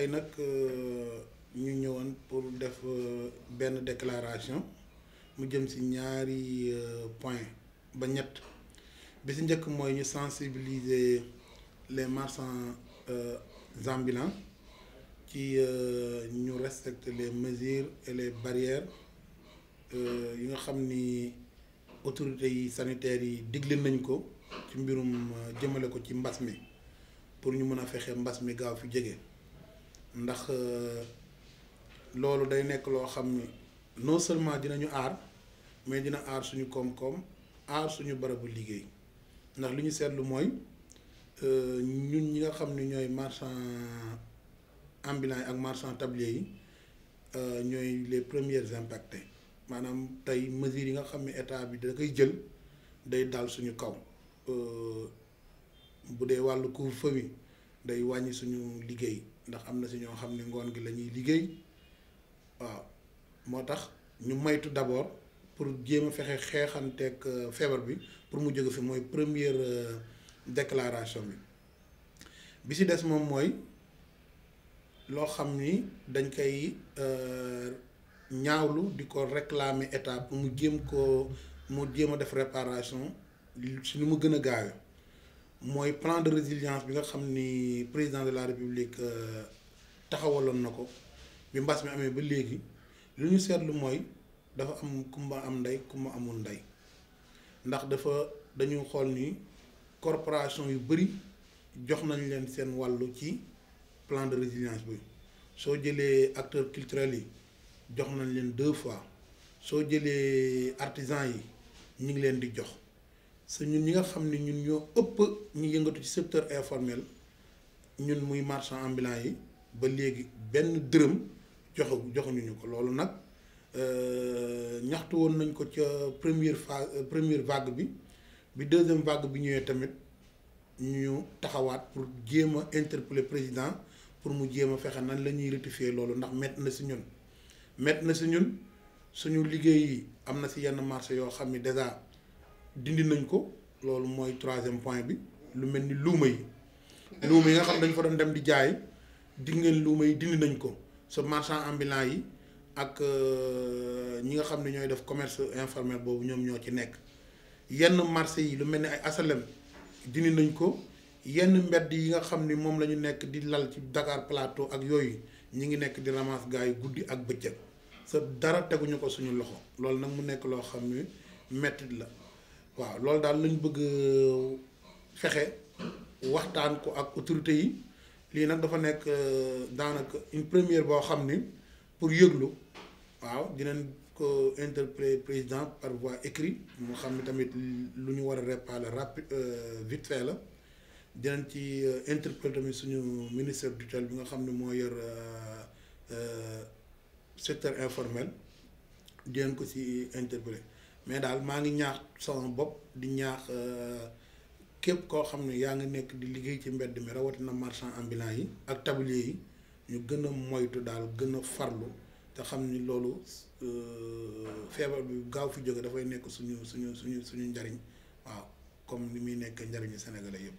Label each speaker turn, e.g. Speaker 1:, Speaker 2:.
Speaker 1: tey nag euh, ñu ñëwoon pour def euh, benn déclaration mu jëm ci ñaari euh, point ba ñett bi ci njëkk mooy ñu sensibiliser les marchands ambulants ci ñu respecter les mesures et les barrières yi nga xam ni autorités yi sanitaires yi digle nañ ko ci mbirum jëmale ko ci mbas mi pour ñu mën a fexe mbas mi gaaw fi jege. ndax euh, loolu day nekk loo xam ni non seulement dinañu aar mais dina aar suñu koom-koom aar suñu barabu liggéey ndax li ñu seetlu mooy euh, ñun ñi nga xam ni ñooy marchand ambulant yi ak marchand tablier yi euh, ñooy les premiers impactés maanaam tey mesures yi nga xam ni état bi da koy jël day dal suñu kaw bu dee wàll couvre-feu day wàññi suñu liggéey ndax am na si ñoo xam ne ngoon gi lañuy liggéey waaw moo tax ñu moytu d'abord pour jéem a fexe xeexanteeg euh, feebar bi pour mu jóge fi mooy première euh, déclaration bi bi si des moom mooy loo xam ni dañ koy euh, ñaawlu di ko réclamer état pour mu jéem ko mu jéem a def réparation si nu mu gën a gaawe mooy plan de résilience bi nga xam ni président de la république euh, taxawaloon na ko bi mbas mi amee ba léegi lu ñu seetlu mooy dafa am kumba am ndey kumba amul ndey ndax dafa dañu xool ni corporation yu bëri jox nañ leen seen wàllu ci plan de résilience bi soo jëlee acteurs culturels yi jox nañ leen deux fois soo jëlee artisans yi ñu ngi leen di jox sa ñun ñi nga xam ne ñun ñoo ëpp ñu yëngatu ci secteur informel ñun muy marchand ambulant yi ba léegi benn dërëm joxe joxuñu ñu ko loolu nag euh, ñaxtu woon nañ ko ca première phase euh, première vague bi bi deuxième vague bi ñëwee tamit ñu taxawaat pour jéem a interpeller président pour mu jéem a fexe nañ la ñuy rectifier loolu ndax métti na si ñun métti na si ñun suñu liggéey yi am na si yenn marché yoo xam ni déjà dindi nañ ko loolu mooy troisième point bi lu mel ni luuma yi luuma yi nga xam dañ fa doon dem di jaay dig ngeen luuma yi dindi nañ ko sa marchand ambulant yi ak euh, ñi nga xam ne ñooy def commerce informel boobu ñoom ñoo ci nekk yenn marché yi lu mel ni ay asalem dindi nañ ko yenn mbedd yi nga xam ni moom la ñu nekk di lal ci Dakar Plateau ak yooyu ñi ngi nekk di ramas gars yi guddi ak bëccëg sa dara teguñu ko suñu loxo loolu nag mu nekk loo xam ni mettit la waaw loolu daal lañ bëgg euh, fexe waxtaan ko ak autorité yi lii nag dafa nekk euh, daanaka une première boo xam ni pour yëglu waaw dinañ ko interpellé président par voie écrit moo xam ne tamit lu ñu war a réparé rapide euh, vite fait la dinañ ci interpellé tamit suñu ministère du bi nga xam ne moo yor secteur informel dinañ ko ci interpellé mais daal maa ngi ñaax sama bopp di ñaax euh, képp koo xam ne yaa ngi nekk di liggéey ci mbedd mi rawatina marchand ambulant yi ak tablier yi ñu gën a moytu daal gën a farlu te xam ni loolu euh, feebar bi gaaw fi jóge dafay nekk suñu suñu suñu suñu njariñ waaw comme ni muy nekk njariñu Sénégalais yëpp.